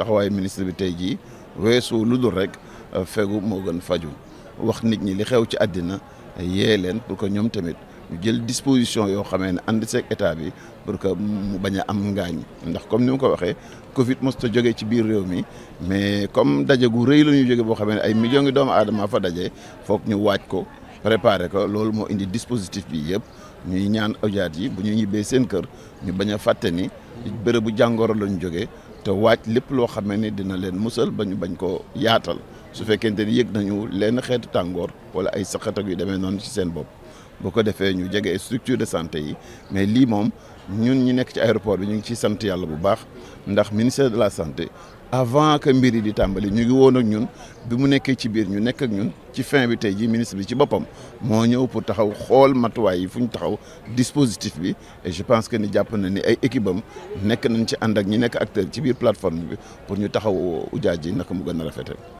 taxawaayu ministre bi tey jii weesu lu dul rek euh, fegu moo gën faju wax nit ñi li xew ci àddina yee leen pour que ñoom tamit ñu jël disposition yoo xamee ne ànd seeg état bi pour que mu bañ a am ngaañ ndax comme ni mu ko waxee Covid mos ta jógee ci biir réew mi mais comme daje gu rëy la ñu jóge boo xamee ne ay millions ngi doomu aadama fa dajee foog ñu waaj ko préparer ko loolu moo indi dispositif bi yëpp ñuy ñaan ojaat yi bu ñu ñibbee seen kër ñu bañ a fàtte ni bërëbu jàngoro lañu jógee te waaj lépp loo xamee ni dina leen musal ba ñu bañ koo yaatal su fekkente ni yëg nañu lenn xeetu tàngoor wala ay saxat ak yu demee noonu ci seen bopp boo ko defee ñu jege structure de santé yi mais lii moom ñun ñi nekk ci aéroport bi ñu ngi ciy sant yàlla bu baax ndax ministère de la santé avant que mbir yi di tàmbali ñu ngi woon ak ñun bi mu nekkee ci biir ñu nekk ak ñun ci fin bi tey ji ministre bi ci boppam moo ñëw pour taxaw xool matuwaay yi fu ñu taxaw dispositif bi et je pense que ni jàpp na ni ay équipe am nekk nañ ci ànd ak ñi nekk acteur ci biir plateforme bi pour ñu taxaw ujaaj yi naka mu gën a rafetee